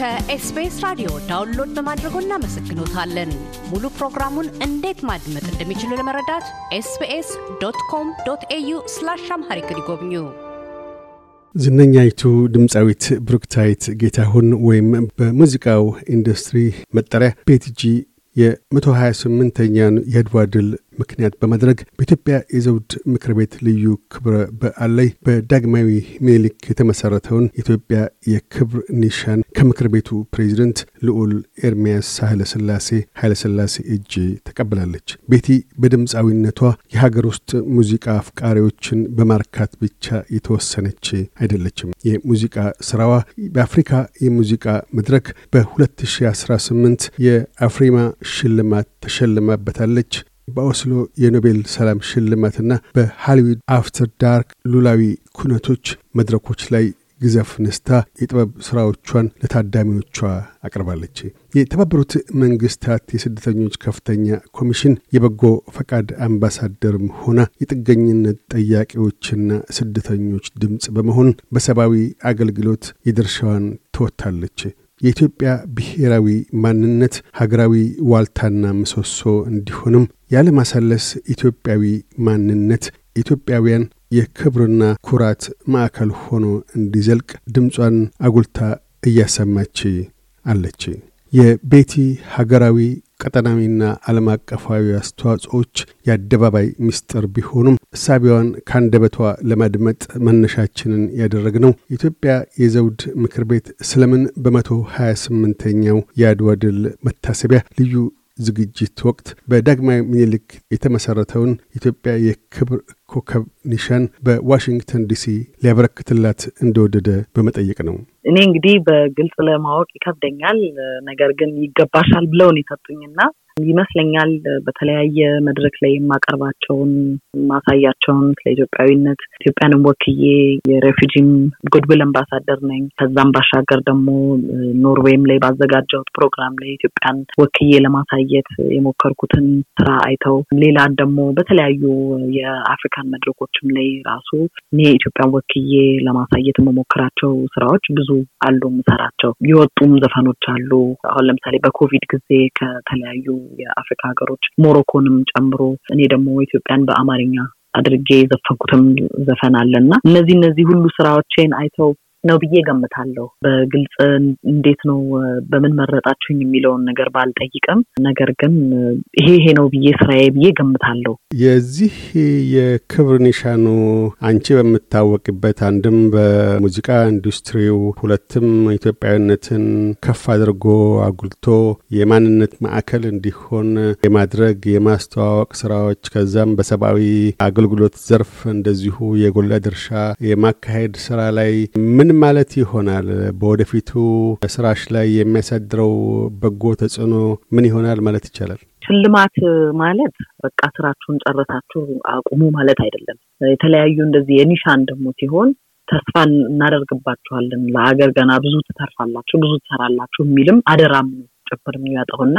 ከኤስቢኤስ ራዲዮ ዳውንሎድ በማድረጎ እናመሰግኖታለን። ሙሉ ፕሮግራሙን እንዴት ማድመጥ እንደሚችሉ ለመረዳት ኤስቢኤስ ዶት ኮም ዶት ኤዩ ስላሽ አምሃሪክ ይጎብኙ። ዝነኛይቱ ድምፃዊት ብሩክታይት ጌታሁን ወይም በሙዚቃው ኢንዱስትሪ መጠሪያ ቤትጂ የ128ኛን የህድዋ ድል ምክንያት በማድረግ በኢትዮጵያ የዘውድ ምክር ቤት ልዩ ክብረ በዓል ላይ በዳግማዊ ሚኒሊክ የተመሰረተውን የኢትዮጵያ የክብር ኒሻን ከምክር ቤቱ ፕሬዚደንት ልዑል ኤርሚያስ ሳህለ ስላሴ እጅ ተቀብላለች። ቤቲ በድምፃዊነቷ የሀገር ውስጥ ሙዚቃ አፍቃሪዎችን በማርካት ብቻ የተወሰነች አይደለችም። የሙዚቃ ስራዋ በአፍሪካ የሙዚቃ መድረክ በ2018 የአፍሪማ ሽልማት ተሸልማበታለች። በኦስሎ የኖቤል ሰላም ሽልማትና በሃሊውድ አፍተር ዳርክ ሉላዊ ኩነቶች መድረኮች ላይ ግዘፍ ነስታ የጥበብ ስራዎቿን ለታዳሚዎቿ አቅርባለች። የተባበሩት መንግስታት የስደተኞች ከፍተኛ ኮሚሽን የበጎ ፈቃድ አምባሳደርም ሆና የጥገኝነት ጠያቂዎችና ስደተኞች ድምፅ በመሆን በሰብአዊ አገልግሎት የድርሻዋን ትወታለች። የኢትዮጵያ ብሔራዊ ማንነት ሀገራዊ ዋልታና ምሰሶ እንዲሆንም ያለማሳለስ ኢትዮጵያዊ ማንነት ኢትዮጵያውያን የክብርና ኩራት ማዕከል ሆኖ እንዲዘልቅ ድምጿን አጉልታ እያሰማች አለች። የቤቲ ሀገራዊ ቀጠናዊና ዓለም አቀፋዊ አስተዋጽኦች የአደባባይ ምስጢር ቢሆኑም እሳቢዋን ከአንደበቷ ለማድመጥ መነሻችንን ያደረግ ነው። የኢትዮጵያ የዘውድ ምክር ቤት ስለምን በመቶ 28ኛው የአድዋ ድል መታሰቢያ ልዩ ዝግጅት ወቅት በዳግማዊ ምኒልክ የተመሠረተውን ኢትዮጵያ የክብር ኮከብ ኒሻን በዋሽንግተን ዲሲ ሊያበረክትላት እንደወደደ በመጠየቅ ነው። እኔ እንግዲህ በግልጽ ለማወቅ ይከብደኛል። ነገር ግን ይገባሻል ብለውን የሰጡኝና ይመስለኛል። በተለያየ መድረክ ላይ የማቀርባቸውን ማሳያቸውን ስለ ኢትዮጵያዊነት ኢትዮጵያንም ወክዬ የሬፊጂም ጉድብል አምባሳደር ነኝ። ከዛም ባሻገር ደግሞ ኖርዌይም ላይ ባዘጋጀሁት ፕሮግራም ላይ ኢትዮጵያን ወክዬ ለማሳየት የሞከርኩትን ስራ አይተው ሌላ ደግሞ በተለያዩ የአፍሪካን መድረኮችም ላይ ራሱ እኔ ኢትዮጵያን ወክዬ ለማሳየት የመሞከራቸው ስራዎች ብዙ አሉ። ምሰራቸው የወጡም ዘፈኖች አሉ። አሁን ለምሳሌ በኮቪድ ጊዜ ከተለያዩ የአፍሪካ ሀገሮች ሞሮኮንም ጨምሮ እኔ ደግሞ ኢትዮጵያን በአማርኛ አድርጌ የዘፈንኩትም ዘፈን አለ እና እነዚህ እነዚህ ሁሉ ስራዎቼን አይተው ነው ብዬ ገምታለሁ። በግልጽ እንዴት ነው በምን መረጣችሁኝ የሚለውን ነገር ባልጠይቅም፣ ነገር ግን ይሄ ይሄ ነው ብዬ ስራዬ ብዬ ገምታለሁ። የዚህ የክብር ኒሻኑ አንቺ በምታወቅበት አንድም በሙዚቃ ኢንዱስትሪው፣ ሁለትም ኢትዮጵያዊነትን ከፍ አድርጎ አጉልቶ የማንነት ማዕከል እንዲሆን የማድረግ የማስተዋወቅ ስራዎች ከዛም በሰብአዊ አገልግሎት ዘርፍ እንደዚሁ የጎላ ድርሻ የማካሄድ ስራ ላይ ምን ማለት ይሆናል? በወደፊቱ ስራሽ ላይ የሚያሳድረው በጎ ተጽዕኖ ምን ይሆናል ማለት ይቻላል? ሽልማት ማለት በቃ ስራችሁን ጨረሳችሁ አቁሙ ማለት አይደለም። የተለያዩ እንደዚህ የኒሻን ደግሞ ሲሆን ተስፋ እናደርግባችኋለን፣ ለአገር ገና ብዙ ትተርፋላችሁ፣ ብዙ ትሰራላችሁ የሚልም አደራም ነው ጭምር የሚያጠውና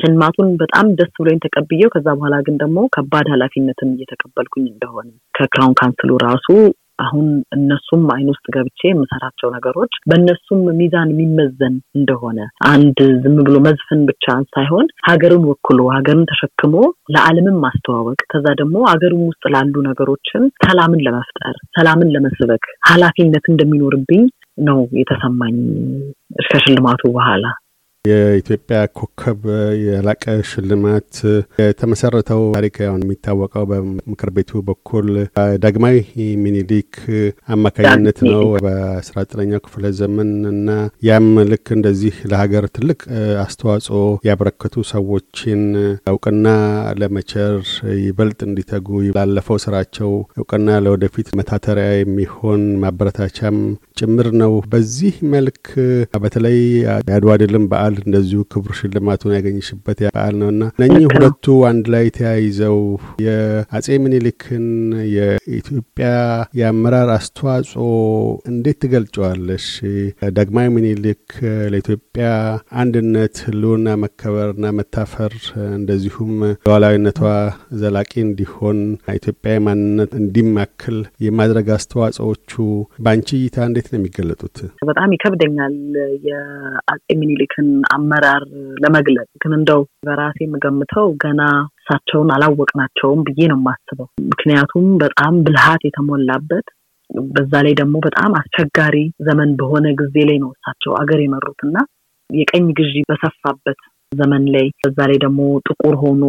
ሽልማቱን በጣም ደስ ብሎኝ ተቀብዬው ከዛ በኋላ ግን ደግሞ ከባድ ኃላፊነትም እየተቀበልኩኝ እንደሆነ ከክራውን ካንስሉ ራሱ አሁን እነሱም አይን ውስጥ ገብቼ የምሰራቸው ነገሮች በእነሱም ሚዛን የሚመዘን እንደሆነ አንድ ዝም ብሎ መዝፈን ብቻ ሳይሆን ሀገርን ወክሎ ሀገርን ተሸክሞ ለዓለምም ማስተዋወቅ ከዛ ደግሞ ሀገርም ውስጥ ላሉ ነገሮችን ሰላምን ለመፍጠር ሰላምን ለመስበክ ኃላፊነት እንደሚኖርብኝ ነው የተሰማኝ ከሽልማቱ በኋላ የኢትዮጵያ ኮከብ የላቀ ሽልማት የተመሰረተው ታሪክ ሁን የሚታወቀው በምክር ቤቱ በኩል ዳግማዊ ሚኒሊክ አማካኝነት ነው በአስራ 19 ክፍለ ዘመን እና ያም ልክ እንደዚህ ለሀገር ትልቅ አስተዋጽኦ ያበረከቱ ሰዎችን እውቅና ለመቸር ይበልጥ እንዲተጉ ላለፈው ስራቸው እውቅና ለወደፊት መታተሪያ የሚሆን ማበረታቻም ጭምር ነው። በዚህ መልክ በተለይ የአድዋ ድልም በአል። እንደዚሁ ክብር ሽልማቱን ያገኘሽበት በዓል ነውና እነኚህ ሁለቱ አንድ ላይ ተያይዘው የአጼ ምኒልክን የኢትዮጵያ የአመራር አስተዋጽኦ እንዴት ትገልጨዋለሽ? ዳግማዊ ምኒልክ ለኢትዮጵያ አንድነት ህልውና መከበርና መታፈር እንደዚሁም ሉዓላዊነቷ ዘላቂ እንዲሆን ኢትዮጵያ ማንነት እንዲማክል የማድረግ አስተዋጽዎቹ በአንቺ እይታ እንዴት ነው የሚገለጡት? በጣም ይከብደኛል የአጼ ምኒልክን አመራር ለመግለጽ ግን እንደው በራሴ የምገምተው ገና እሳቸውን አላወቅናቸውም ብዬ ነው የማስበው። ምክንያቱም በጣም ብልሃት የተሞላበት በዛ ላይ ደግሞ በጣም አስቸጋሪ ዘመን በሆነ ጊዜ ላይ ነው እሳቸው አገር የመሩት እና የቀኝ ግዢ በሰፋበት ዘመን ላይ በዛ ላይ ደግሞ ጥቁር ሆኖ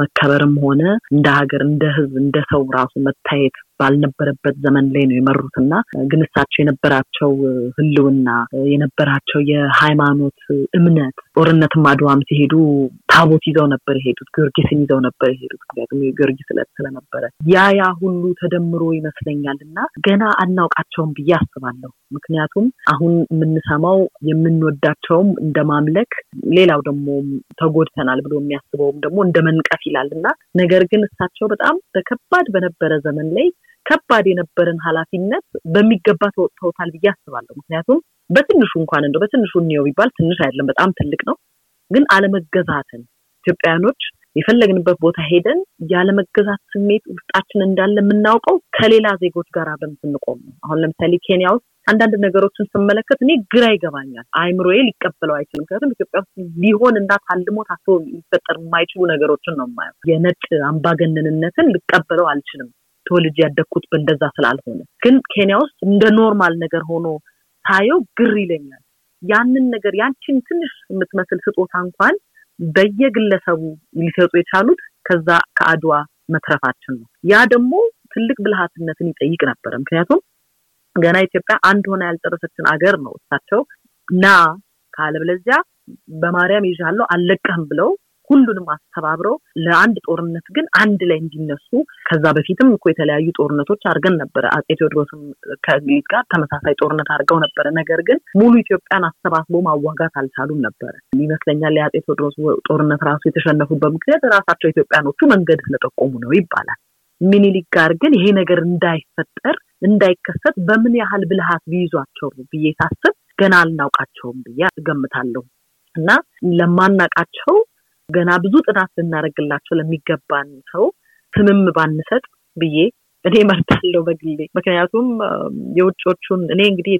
መከበርም ሆነ እንደ ሀገር፣ እንደ ህዝብ እንደ ሰው ራሱ መታየት ባልነበረበት ዘመን ላይ ነው የመሩትና ግን እሳቸው የነበራቸው ህልውና የነበራቸው የሃይማኖት እምነት ጦርነትም አድዋም ሲሄዱ ታቦት ይዘው ነበር የሄዱት። ጊዮርጊስን ይዘው ነበር የሄዱት ምክንያቱም የጊዮርጊስ ዕለት ስለነበረ ያ ያ ሁሉ ተደምሮ ይመስለኛል እና ገና አናውቃቸውም ብዬ አስባለሁ። ምክንያቱም አሁን የምንሰማው የምንወዳቸውም እንደ ማምለክ፣ ሌላው ደግሞ ተጎድተናል ብሎ የሚያስበውም ደግሞ እንደ መንቀፍ ይላል እና ነገር ግን እሳቸው በጣም በከባድ በነበረ ዘመን ላይ ከባድ የነበረን ኃላፊነት በሚገባ ተወጥተውታል ብዬ አስባለሁ። ምክንያቱም በትንሹ እንኳን እንደው በትንሹ እንየው ቢባል ትንሽ አይደለም፣ በጣም ትልቅ ነው። ግን አለመገዛትን ኢትዮጵያውያኖች የፈለግንበት ቦታ ሄደን ያለመገዛት ስሜት ውስጣችን እንዳለ የምናውቀው ከሌላ ዜጎች ጋር አብረን ስንቆም ነው። አሁን ለምሳሌ ኬንያ ውስጥ አንዳንድ ነገሮችን ስመለከት እኔ ግራ ይገባኛል። አይምሮዬ ሊቀበለው አይችልም። ምክንያቱም ኢትዮጵያ ውስጥ ሊሆን እና ታልሞ ታስቦ ሊፈጠር የማይችሉ ነገሮችን ነው የማየው። የነጭ አምባገነንነትን ልቀበለው አልችልም። ተወልጄ ያደግኩት በእንደዛ ስላልሆነ ግን ኬንያ ውስጥ እንደ ኖርማል ነገር ሆኖ ሳየው ግር ይለኛል። ያንን ነገር ያንቺን ትንሽ የምትመስል ስጦታ እንኳን በየግለሰቡ ሊሰጡ የቻሉት ከዛ ከአድዋ መትረፋችን ነው። ያ ደግሞ ትልቅ ብልሃትነትን ይጠይቅ ነበረ። ምክንያቱም ገና ኢትዮጵያ አንድ ሆነ ያልጨረሰችን አገር ነው። እሳቸው ና ካለበለዚያ በማርያም ይዣለው አልለቀህም ብለው ሁሉንም አስተባብረው ለአንድ ጦርነት ግን አንድ ላይ እንዲነሱ ከዛ በፊትም እኮ የተለያዩ ጦርነቶች አድርገን ነበረ። አጼ ቴዎድሮስም ከእንግሊዝ ጋር ተመሳሳይ ጦርነት አድርገው ነበረ። ነገር ግን ሙሉ ኢትዮጵያን አሰባስቦ ማዋጋት አልቻሉም ነበረ ይመስለኛል። የአጼ ቴዎድሮስ ጦርነት ራሱ የተሸነፉበት ምክንያት ራሳቸው ኢትዮጵያኖቹ መንገድ ስለጠቆሙ ነው ይባላል። ሚኒሊክ ጋር ግን ይሄ ነገር እንዳይፈጠር እንዳይከሰት በምን ያህል ብልሃት ቢይዟቸው ብዬ ሳስብ ገና አልናውቃቸውም ብዬ እገምታለሁ እና ለማናቃቸው ገና ብዙ ጥናት ልናደርግላቸው ለሚገባን ሰው ስምም ባንሰጥ ብዬ እኔ እመርጣለሁ በግሌ። ምክንያቱም የውጮቹን እኔ እንግዲህ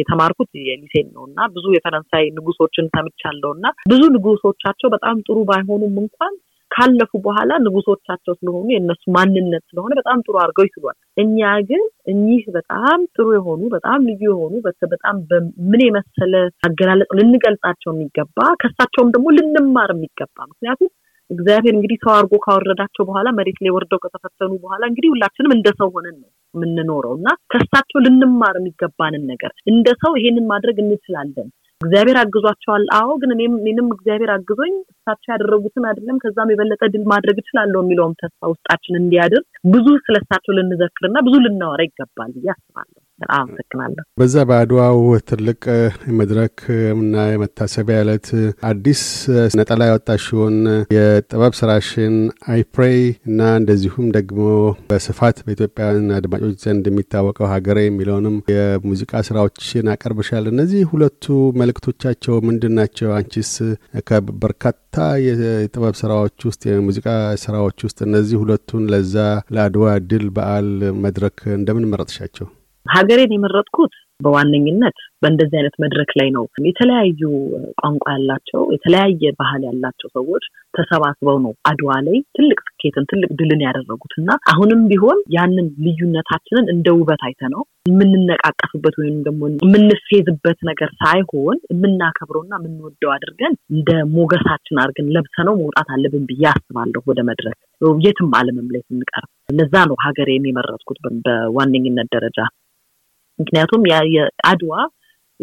የተማርኩት የሊሴን ነው እና ብዙ የፈረንሳይ ንጉሶችን ሰምቻለሁ እና ብዙ ንጉሶቻቸው በጣም ጥሩ ባይሆኑም እንኳን ካለፉ በኋላ ንጉሶቻቸው ስለሆኑ የእነሱ ማንነት ስለሆነ በጣም ጥሩ አድርገው ይስሏል። እኛ ግን እኚህ በጣም ጥሩ የሆኑ በጣም ልዩ የሆኑ በጣም በምን የመሰለ አገላለጽ ልንገልጻቸው የሚገባ ከሳቸውም ደግሞ ልንማር የሚገባ ምክንያቱም እግዚአብሔር እንግዲህ ሰው አድርጎ ካወረዳቸው በኋላ መሬት ላይ ወርደው ከተፈተኑ በኋላ እንግዲህ ሁላችንም እንደ ሰው ሆነን ነው የምንኖረው እና ከሳቸው ልንማር የሚገባንን ነገር እንደ ሰው ይሄንን ማድረግ እንችላለን እግዚአብሔር አግዟቸዋል። አዎ ግን እኔም እግዚአብሔር አግዞኝ እሳቸው ያደረጉትን አይደለም ከዛም የበለጠ ድል ማድረግ እችላለሁ የሚለውም ተስፋ ውስጣችን እንዲያድር ብዙ ስለሳቸው ልንዘክርና ብዙ ልናወራ ይገባል ብዬ አስባለሁ። በጣም አመሰግናለሁ። በዛ በአድዋው ትልቅ መድረክ እና የመታሰቢያ ዕለት አዲስ ነጠላ ያወጣሽውን የጥበብ ስራሽን አይፕሬይ እና እንደዚሁም ደግሞ በስፋት በኢትዮጵያውያን አድማጮች ዘንድ የሚታወቀው ሀገሬ የሚለውንም የሙዚቃ ስራዎችን አቀርብሻል። እነዚህ ሁለቱ መልእክቶቻቸው ምንድን ናቸው? አንቺስ ከበርካታ የጥበብ ስራዎች ውስጥ የሙዚቃ ስራዎች ውስጥ እነዚህ ሁለቱን ለዛ ለአድዋ ድል በዓል መድረክ እንደምን መረጥሻቸው? ሀገሬን የመረጥኩት በዋነኝነት በእንደዚህ አይነት መድረክ ላይ ነው። የተለያዩ ቋንቋ ያላቸው የተለያየ ባህል ያላቸው ሰዎች ተሰባስበው ነው አድዋ ላይ ትልቅ ስኬትን ትልቅ ድልን ያደረጉት እና አሁንም ቢሆን ያንን ልዩነታችንን እንደ ውበት አይተ ነው የምንነቃቀፍበት ወይም ደግሞ የምንፌዝበት ነገር ሳይሆን የምናከብረውና የምንወደው አድርገን እንደ ሞገሳችን አድርገን ለብሰ ነው መውጣት አለብን ብዬ አስባለሁ። ወደ መድረክ የትም ዓለምም ላይ ስንቀርብ ለዛ ነው ሀገሬን የመረጥኩት በዋነኝነት ደረጃ ምክንያቱም አድዋ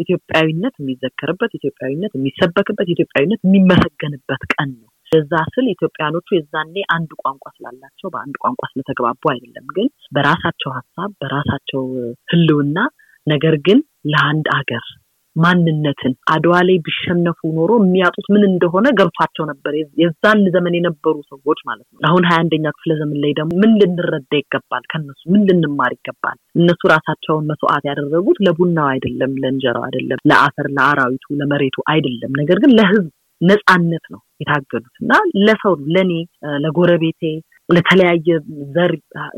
ኢትዮጵያዊነት የሚዘከርበት፣ ኢትዮጵያዊነት የሚሰበክበት፣ ኢትዮጵያዊነት የሚመሰገንበት ቀን ነው። እዛ ስል ኢትዮጵያኖቹ የዛኔ አንድ ቋንቋ ስላላቸው በአንድ ቋንቋ ስለተግባቡ አይደለም፣ ግን በራሳቸው ሀሳብ በራሳቸው ህልውና ነገር ግን ለአንድ አገር ማንነትን አድዋ ላይ ቢሸነፉ ኖሮ የሚያጡት ምን እንደሆነ ገብቷቸው ነበር፣ የዛን ዘመን የነበሩ ሰዎች ማለት ነው። አሁን ሀያ አንደኛ ክፍለ ዘመን ላይ ደግሞ ምን ልንረዳ ይገባል? ከነሱ ምን ልንማር ይገባል? እነሱ ራሳቸውን መስዋዕት ያደረጉት ለቡናው አይደለም፣ ለእንጀራው አይደለም፣ ለአፈር፣ ለአራዊቱ፣ ለመሬቱ አይደለም። ነገር ግን ለህዝብ ነጻነት ነው የታገዱት እና ለሰው ለእኔ፣ ለጎረቤቴ፣ ለተለያየ ዘር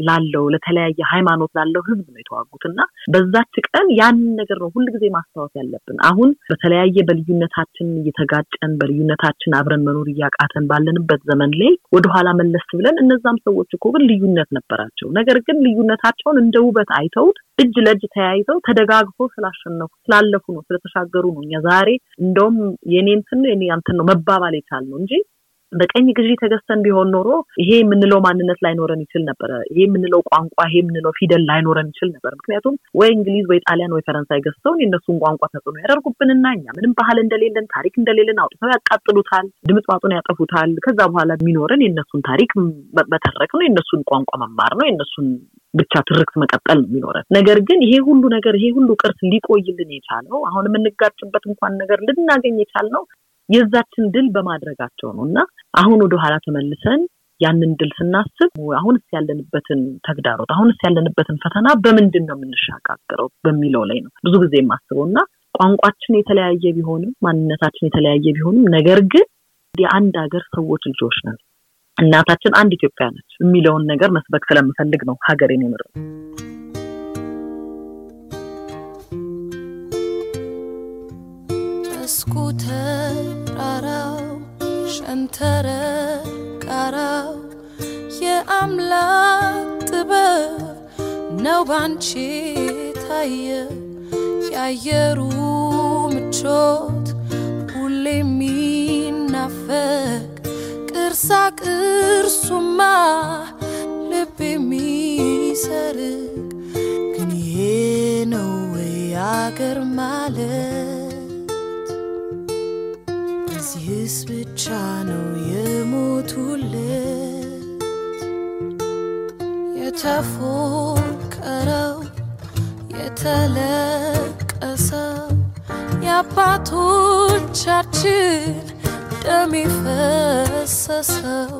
ላለው ለተለያየ ሃይማኖት ላለው ህዝብ ነው የተዋጉት እና በዛች ቀን ያንን ነገር ነው ጊዜ ማስታወስ ያለብን። አሁን በተለያየ በልዩነታችን እየተጋጨን በልዩነታችን አብረን መኖር እያቃተን ባለንበት ዘመን ላይ ወደኋላ መለስ ብለን እነዛም ሰዎች እኮ ግን ልዩነት ነበራቸው። ነገር ግን ልዩነታቸውን እንደ ውበት አይተውት እጅ ለእጅ ተያይዘው ተደጋግፎ ስላሸነፉ ስላለፉ ነው ስለተሻገሩ ነው እኛ ዛሬ እንደውም የኔ ነው የኔ አንትን ነው መባባል ነው እንጂ በቀኝ ግዢ ተገዝተን ቢሆን ኖሮ ይሄ የምንለው ማንነት ላይኖረን ይችል ነበረ። ይሄ የምንለው ቋንቋ፣ ይሄ የምንለው ፊደል ላይኖረን ይችል ነበር። ምክንያቱም ወይ እንግሊዝ ወይ ጣሊያን ወይ ፈረንሳይ ገዝተውን የእነሱን ቋንቋ ተጽዕኖ ያደርጉብንና እኛ ምንም ባህል እንደሌለን ታሪክ እንደሌለን አውጥተው ያቃጥሉታል፣ ድምጥማጡን ያጠፉታል። ከዛ በኋላ የሚኖረን የእነሱን ታሪክ መተረክ ነው፣ የእነሱን ቋንቋ መማር ነው፣ የእነሱን ብቻ ትርክት መቀጠል ነው የሚኖረን። ነገር ግን ይሄ ሁሉ ነገር ይሄ ሁሉ ቅርስ ሊቆይልን የቻለው አሁን የምንጋጭበት እንኳን ነገር ልናገኝ የቻልነው የዛችን ድል በማድረጋቸው ነው እና አሁን ወደ ኋላ ተመልሰን ያንን ድል ስናስብ አሁንስ ያለንበትን ተግዳሮት አሁንስ ያለንበትን ፈተና በምንድን ነው የምንሻጋገረው በሚለው ላይ ነው ብዙ ጊዜ የማስበው እና ቋንቋችን የተለያየ ቢሆንም ማንነታችን የተለያየ ቢሆንም ነገር ግን የአንድ ሀገር ሰዎች ልጆች ነን እናታችን አንድ ኢትዮጵያ ነች የሚለውን ነገር መስበክ ስለምፈልግ ነው ሀገሬን የምረው ስኩተር ጣራው ሸንተረር ቃራው የአምላክ ጥበብ ነው ባንቺ ታየ የአየሩ ምቾት ሁሌ የሚናፈቅ ቅርሳ ቅርሱማ ልብ የሚሰርቅ ግን ይሄ ነው ወይ አገር ማለት ሞገስ ብቻ ነው የሞቱለት የተፎቀረው የተለቀሰው የአባቶቻችን ደም የፈሰሰው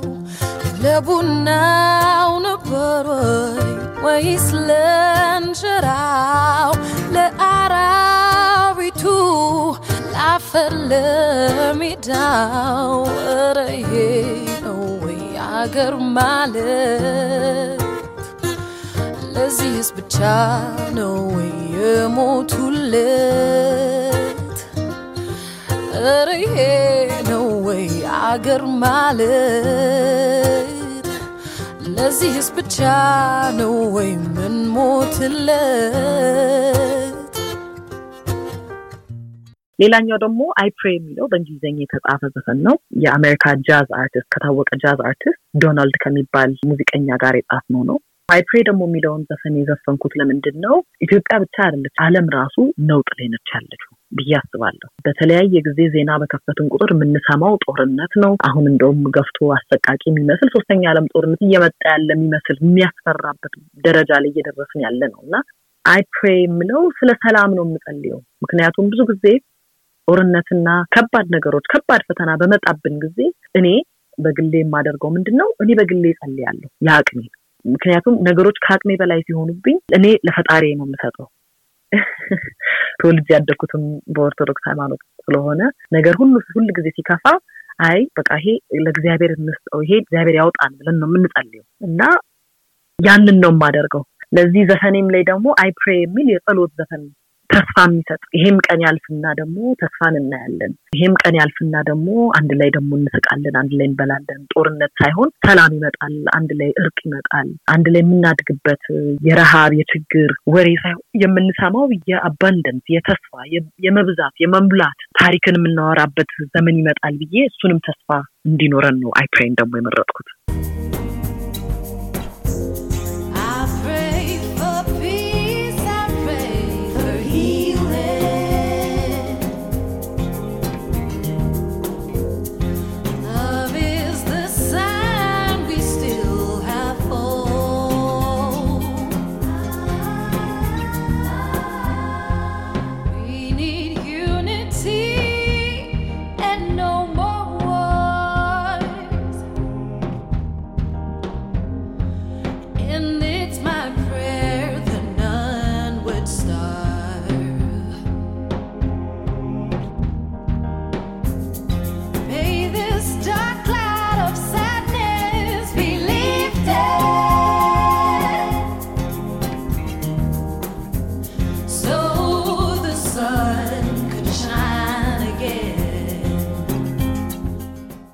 ለቡናው ነበር ወይ ወይስ ለእንጀራው ለአራ ፈለ ሜዳው ኧረ ወይ አገር ማለት? ለዚህስ ብቻ ነው ወይ የሞቱለት? ኧረ ነው ወይ አገር ማለት? ለዚህስ ብቻ ነው ወይ ምን ሞትለት? ሌላኛው ደግሞ አይፕሬ የሚለው በእንግሊዝኛ የተጻፈ ዘፈን ነው። የአሜሪካ ጃዝ አርቲስት ከታወቀ ጃዝ አርቲስት ዶናልድ ከሚባል ሙዚቀኛ ጋር የጻፍ ነው። አይፕሬ ደግሞ የሚለውን ዘፈን የዘፈንኩት ለምንድን ነው? ኢትዮጵያ ብቻ አይደለች፣ አለም ራሱ ነውጥ ላይ ነች ያለችው ብዬ አስባለሁ። በተለያየ ጊዜ ዜና በከፈትን ቁጥር የምንሰማው ጦርነት ነው። አሁን እንደውም ገፍቶ አሰቃቂ የሚመስል ሶስተኛ ዓለም ጦርነት እየመጣ ያለ የሚመስል የሚያስፈራበት ደረጃ ላይ እየደረስን ያለ ነው እና አይፕሬ የምለው ስለ ሰላም ነው የምጸልየው። ምክንያቱም ብዙ ጊዜ ጦርነትና ከባድ ነገሮች ከባድ ፈተና በመጣብን ጊዜ እኔ በግሌ የማደርገው ምንድን ነው? እኔ በግሌ ጸልያለሁ ለአቅሜ። ምክንያቱም ነገሮች ከአቅሜ በላይ ሲሆኑብኝ እኔ ለፈጣሪ ነው የምሰጠው። ተወልጄ ያደግኩትም በኦርቶዶክስ ሃይማኖት ስለሆነ ነገር ሁሉ ሁል ጊዜ ሲከፋ አይ በቃ ይሄ ለእግዚአብሔር እንስጠው፣ ይሄ እግዚአብሔር ያውጣን ብለን ነው የምንጸልየው እና ያንን ነው የማደርገው። ለዚህ ዘፈኔም ላይ ደግሞ አይ ፕሬ የሚል የጸሎት ዘፈን ተስፋ የሚሰጥ ይሄም ቀን ያልፍና ደግሞ ተስፋን እናያለን። ይሄም ቀን ያልፍና ደግሞ አንድ ላይ ደግሞ እንስቃለን፣ አንድ ላይ እንበላለን። ጦርነት ሳይሆን ሰላም ይመጣል፣ አንድ ላይ እርቅ ይመጣል። አንድ ላይ የምናድግበት የረሃብ የችግር ወሬ ሳይሆን የምንሰማው የአባንደንስ የተስፋ የመብዛት የመሙላት ታሪክን የምናወራበት ዘመን ይመጣል ብዬ እሱንም ተስፋ እንዲኖረን ነው አይፕሬን ደግሞ የመረጥኩት።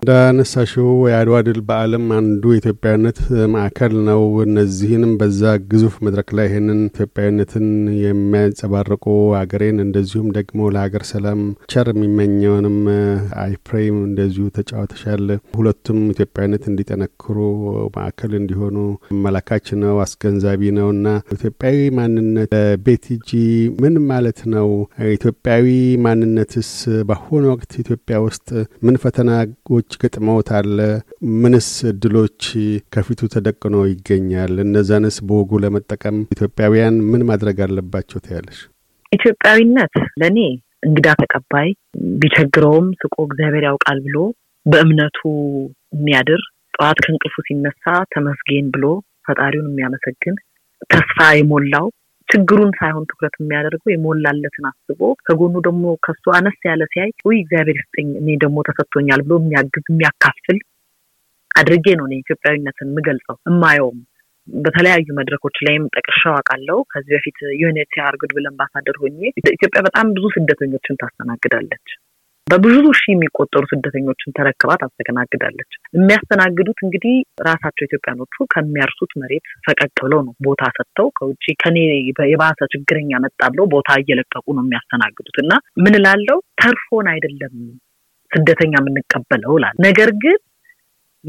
And ካነሳሽው የአድዋ ድል በዓለም አንዱ የኢትዮጵያዊነት ማዕከል ነው። እነዚህንም በዛ ግዙፍ መድረክ ላይ ይህንን ኢትዮጵያዊነትን የሚያንጸባርቁ አገሬን እንደዚሁም ደግሞ ለሀገር ሰላም ቸር የሚመኘውንም አይፕሬም እንደዚሁ ተጫውተሻል። ሁለቱም ኢትዮጵያዊነት እንዲጠነክሩ ማዕከል እንዲሆኑ መላካች ነው፣ አስገንዛቢ ነው እና ኢትዮጵያዊ ማንነት ቤቲጂ ምን ማለት ነው? ኢትዮጵያዊ ማንነትስ በአሁኑ ወቅት ኢትዮጵያ ውስጥ ምን ፈተናዎች ገጠ ገጥመውታል? ምንስ እድሎች ከፊቱ ተደቅኖ ይገኛል? እነዛንስ በወጉ ለመጠቀም ኢትዮጵያውያን ምን ማድረግ አለባቸው ትያለሽ? ኢትዮጵያዊነት ለእኔ እንግዳ ተቀባይ ቢቸግረውም ስቆ እግዚአብሔር ያውቃል ብሎ በእምነቱ የሚያድር ጠዋት ከእንቅልፉ ሲነሳ ተመስገን ብሎ ፈጣሪውን የሚያመሰግን ተስፋ የሞላው ችግሩን ሳይሆን ትኩረት የሚያደርገው የሞላለትን አስቦ ከጎኑ ደግሞ ከሱ አነስ ያለ ሲያይ ውይ እግዚአብሔር ይስጠኝ እኔ ደግሞ ተሰጥቶኛል ብሎ የሚያግዝ የሚያካፍል አድርጌ ነው እኔ ኢትዮጵያዊነትን የምገልጸው እማየውም። በተለያዩ መድረኮች ላይም ጠቅሻው አውቃለሁ። ከዚህ በፊት ዩኤንኤችሲአር ብለን አምባሳደር ሆኜ ኢትዮጵያ በጣም ብዙ ስደተኞችን ታስተናግዳለች። በብዙ ሺህ የሚቆጠሩ ስደተኞችን ተረክባ ታስተናግዳለች። የሚያስተናግዱት እንግዲህ ራሳቸው ኢትዮጵያኖቹ ከሚያርሱት መሬት ፈቀቅ ብለው ነው ቦታ ሰጥተው ከውጭ ከኔ የባሰ ችግረኛ መጣ ብለው ቦታ እየለቀቁ ነው የሚያስተናግዱት እና ምን ላለው ተርፎን አይደለም ስደተኛ የምንቀበለው ላል ነገር ግን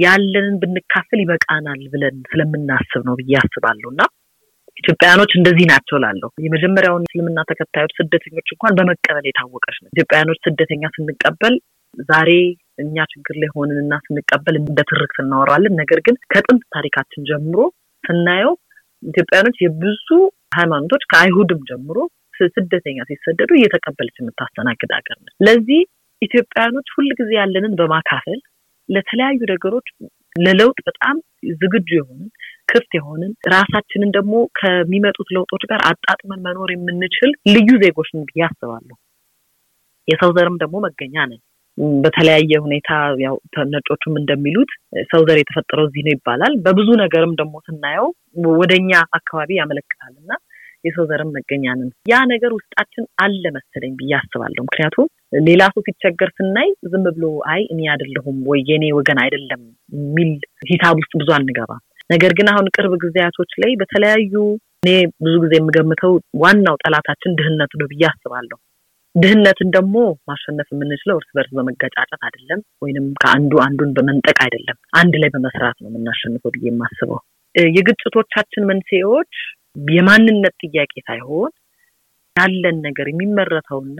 ያለንን ብንካፈል ይበቃናል ብለን ስለምናስብ ነው ብዬ አስባለሁ እና ኢትዮጵያውያኖች እንደዚህ ናቸው ላለሁ የመጀመሪያውን እስልምና ተከታዮች ስደተኞች እንኳን በመቀበል የታወቀች ነው። ኢትዮጵያውያኖች ስደተኛ ስንቀበል ዛሬ እኛ ችግር ላይ ሆንንና ስንቀበል እንደ ትርክ ስናወራለን ነገር ግን ከጥንት ታሪካችን ጀምሮ ስናየው ኢትዮጵያውያኖች የብዙ ሃይማኖቶች ከአይሁድም ጀምሮ ስደተኛ ሲሰደዱ እየተቀበለች የምታስተናግድ ሀገር ነች። ለዚህ ኢትዮጵያውያኖች ጊዜ ያለንን በማካፈል ለተለያዩ ነገሮች ለለውጥ በጣም ዝግጁ የሆንን ክፍት የሆንን ራሳችንን ደግሞ ከሚመጡት ለውጦች ጋር አጣጥመን መኖር የምንችል ልዩ ዜጎች ብዬ አስባለሁ። የሰው ዘርም ደግሞ መገኛ ነን። በተለያየ ሁኔታ ያው ነጮቹም እንደሚሉት ሰው ዘር የተፈጠረው እዚህ ነው ይባላል። በብዙ ነገርም ደግሞ ስናየው ወደኛ አካባቢ ያመለክታል እና የሰው ዘርም መገኛ ነን። ያ ነገር ውስጣችን አለ መሰለኝ ብዬ አስባለሁ። ምክንያቱም ሌላ ሰው ሲቸገር ስናይ ዝም ብሎ አይ እኔ አይደለሁም ወይ የኔ ወገን አይደለም የሚል ሂሳብ ውስጥ ብዙ አንገባም። ነገር ግን አሁን ቅርብ ጊዜያቶች ላይ በተለያዩ እኔ ብዙ ጊዜ የምገምተው ዋናው ጠላታችን ድህነት ነው ብዬ አስባለሁ። ድህነትን ደግሞ ማሸነፍ የምንችለው እርስ በርስ በመጋጫጨት አይደለም፣ ወይንም ከአንዱ አንዱን በመንጠቅ አይደለም፣ አንድ ላይ በመስራት ነው የምናሸንፈው ብዬ የማስበው። የግጭቶቻችን መንስኤዎች የማንነት ጥያቄ ሳይሆን ያለን ነገር የሚመረተውና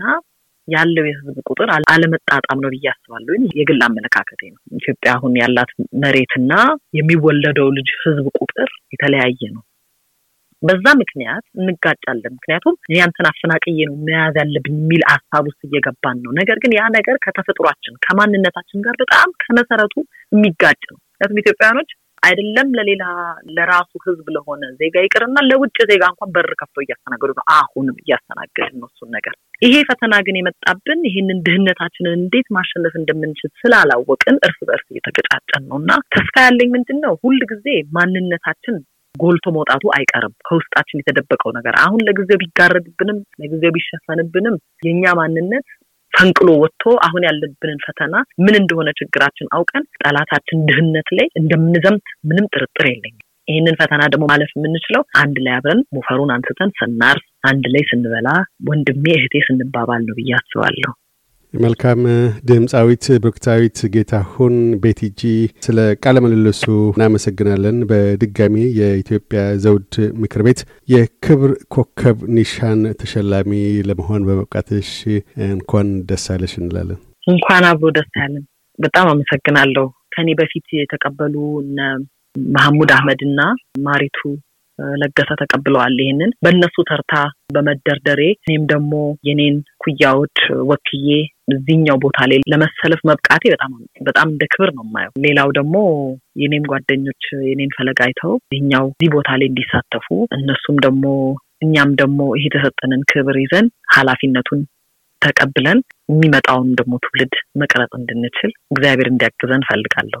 ያለው የህዝብ ቁጥር አለመጣጣም ነው ብዬ አስባለሁ። የግል አመለካከቴ ነው። ኢትዮጵያ አሁን ያላት መሬትና የሚወለደው ልጅ ህዝብ ቁጥር የተለያየ ነው። በዛ ምክንያት እንጋጫለን። ምክንያቱም እኔ አንተን አፈናቅዬ ነው መያዝ ያለብኝ የሚል ሀሳብ ውስጥ እየገባን ነው። ነገር ግን ያ ነገር ከተፈጥሯችን ከማንነታችን ጋር በጣም ከመሰረቱ የሚጋጭ ነው። ምክንያቱም ኢትዮጵያውያኖች አይደለም ለሌላ ለራሱ ህዝብ ለሆነ ዜጋ ይቅርና ለውጭ ዜጋ እንኳን በር ከፍቶ እያስተናገዱ ነው። አሁንም እያስተናገድ ነው እሱን ነገር። ይሄ ፈተና ግን የመጣብን ይህንን ድህነታችንን እንዴት ማሸነፍ እንደምንችል ስላላወቅን እርስ በእርስ እየተገጫጨን ነው እና ተስፋ ያለኝ ምንድን ነው ሁል ጊዜ ማንነታችን ጎልቶ መውጣቱ አይቀርም። ከውስጣችን የተደበቀው ነገር አሁን ለጊዜው ቢጋረድብንም ለጊዜው ቢሸፈንብንም የእኛ ማንነት ፈንቅሎ ወጥቶ አሁን ያለብንን ፈተና ምን እንደሆነ ችግራችን አውቀን ጠላታችን ድህነት ላይ እንደምንዘምት ምንም ጥርጥር የለኝም። ይህንን ፈተና ደግሞ ማለፍ የምንችለው አንድ ላይ አብረን ሞፈሩን አንስተን ስናርስ፣ አንድ ላይ ስንበላ፣ ወንድሜ እህቴ ስንባባል ነው ብዬ አስባለሁ። መልካም ድምፃዊት ብሩክታዊት ጌታሁን ቤቲጂ ስለ ቃለ ምልልሱ እናመሰግናለን። በድጋሚ የኢትዮጵያ ዘውድ ምክር ቤት የክብር ኮከብ ኒሻን ተሸላሚ ለመሆን በመብቃትሽ እንኳን ደስ አለሽ እንላለን። እንኳን አብሮ ደስ ያለን። በጣም አመሰግናለሁ። ከኔ በፊት የተቀበሉ እነ መሐሙድ አህመድ እና ማሪቱ ለገሰ ተቀብለዋል። ይህንን በእነሱ ተርታ በመደርደሬ እኔም ደግሞ የኔን ኩያዎች ወክዬ እዚህኛው ቦታ ላይ ለመሰለፍ መብቃቴ በጣም በጣም እንደ ክብር ነው የማየው። ሌላው ደግሞ የኔም ጓደኞች የኔን ፈለግ አይተው ይህኛው እዚህ ቦታ ላይ እንዲሳተፉ እነሱም ደግሞ እኛም ደግሞ ይሄ የተሰጠንን ክብር ይዘን ኃላፊነቱን ተቀብለን የሚመጣውን ደግሞ ትውልድ መቅረጽ እንድንችል እግዚአብሔር እንዲያግዘን እፈልጋለሁ።